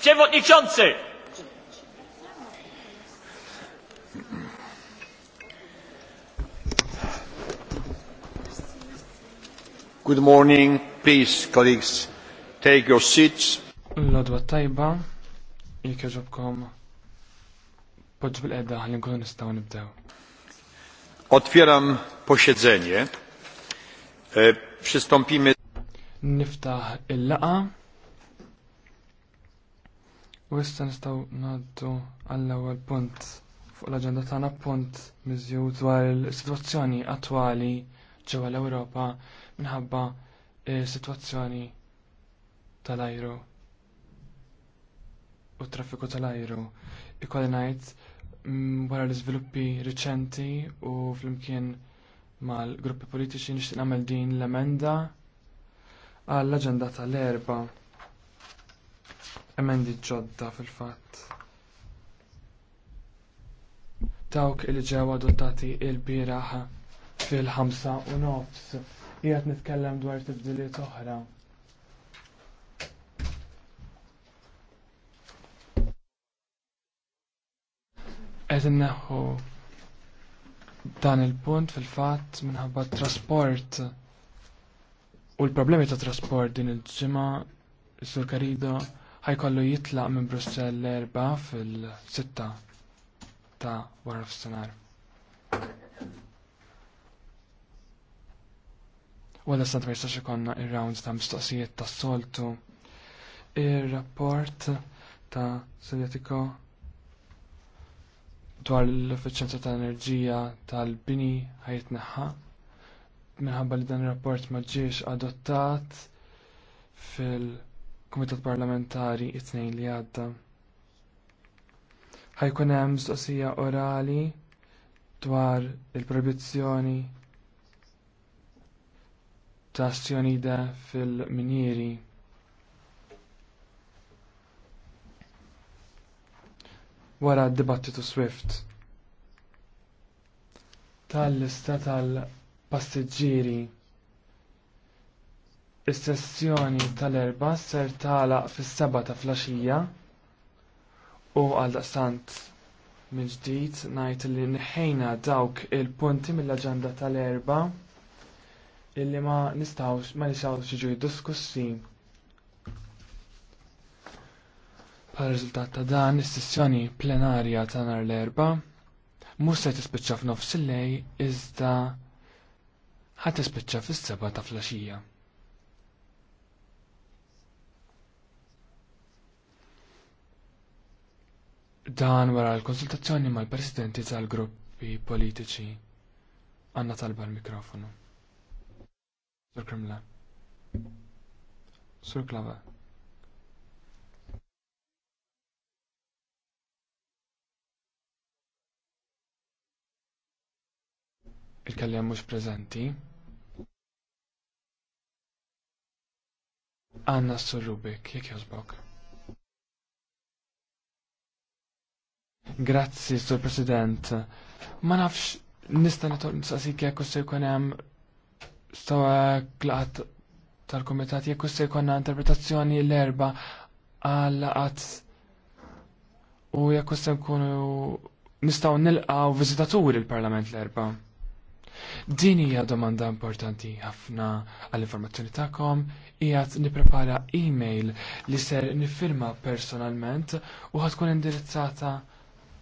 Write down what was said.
Przewodniczący! Good morning, please, colleagues. Take your seats. L-odwa tajba, jek joġobkom podġu bil-edda għalli nkunu nistaw nibdew. Otwieram posiedzenie. E, przystąpimy. Niftaħ il-laqa. U issa nistgħu ngħaddu għall-ewwel punt fuq l-aġenda tagħna punt miżju dwar is-sitwazzjoni attwali ġewwa l-Ewropa minħabba is-sitwazzjoni tal-ajru u t traffiku tal-ajru. Ikolli ngħid mm, wara l-iżviluppi riċenti u flimkien mal-gruppi politiċi nixtieq nagħmel din l-emenda għall-aġenda tal-erba' emendi ġodda fil-fatt. Dawk il ġew adottati il-biraħ fil-ħamsa u nofs jgħat nitkellem dwar tibdiliet oħra. Qed inneħħu dan il-punt fil-fatt minħabba t trasport u l-problemi ta' trasport din il-ġimgħa, is-sur Karido ħajkollu jitlaq minn Brussell l-erba fil-6 ta' wara għadda s-sant ma jistax ikonna ir-rounds ta' mistoqsijiet ta' soltu. Ir-rapport ta' Sovjetiko dwar l-efficienza ta' enerġija tal-bini ħajtneħħa minħabba li dan ir-rapport ma ġiex adottat fil- Kumitat Parlamentari it-tnejn li għadda. Ħajkun hemm mistoqsija orali dwar il-proibizzjoni ta' stjonida fil-minieri. Wara d-dibattitu Swift. Tal-lista tal-passiġġieri Is-sessjoni tal-erba ser tagħlaq fis-seba ta' flaxija u għal daqstant minn ġdid ngħid li nħejna dawk il-punti mill-aġenda tal-erba illi ma nistgħux ma nistgħux jiġu jiddiskussi. Bħal riżultat ta' dan is-sessjoni plenarja ta' nhar l-erba mhux se tispiċċa f'nofs il-lej iżda ħadd tispiċċa fis-seba ta' flaxija. Dan wara l-konsultazzjoni mal-presidenti tal-gruppi politiċi. Għanna talba l-mikrofonu. Sur Kremla. Sur Klava. il kallem mux prezenti. Għanna sur Rubik, jek jozbok. Grazzi, Sur President. Ma nafx nista nitor nsaqsik jekk se jkun hemm stawa klaqat tal-Kumitat jekk se jkunna interpretazzjoni l-erba għal qatt u jekk se nkunu nistgħu nilqgħu viżitaturi l-Parlament l-erba. Din hija domanda importanti ħafna għall-informazzjoni tagħkom qiegħed nipprepara email li ser nifirma personalment u ħatkun indirizzata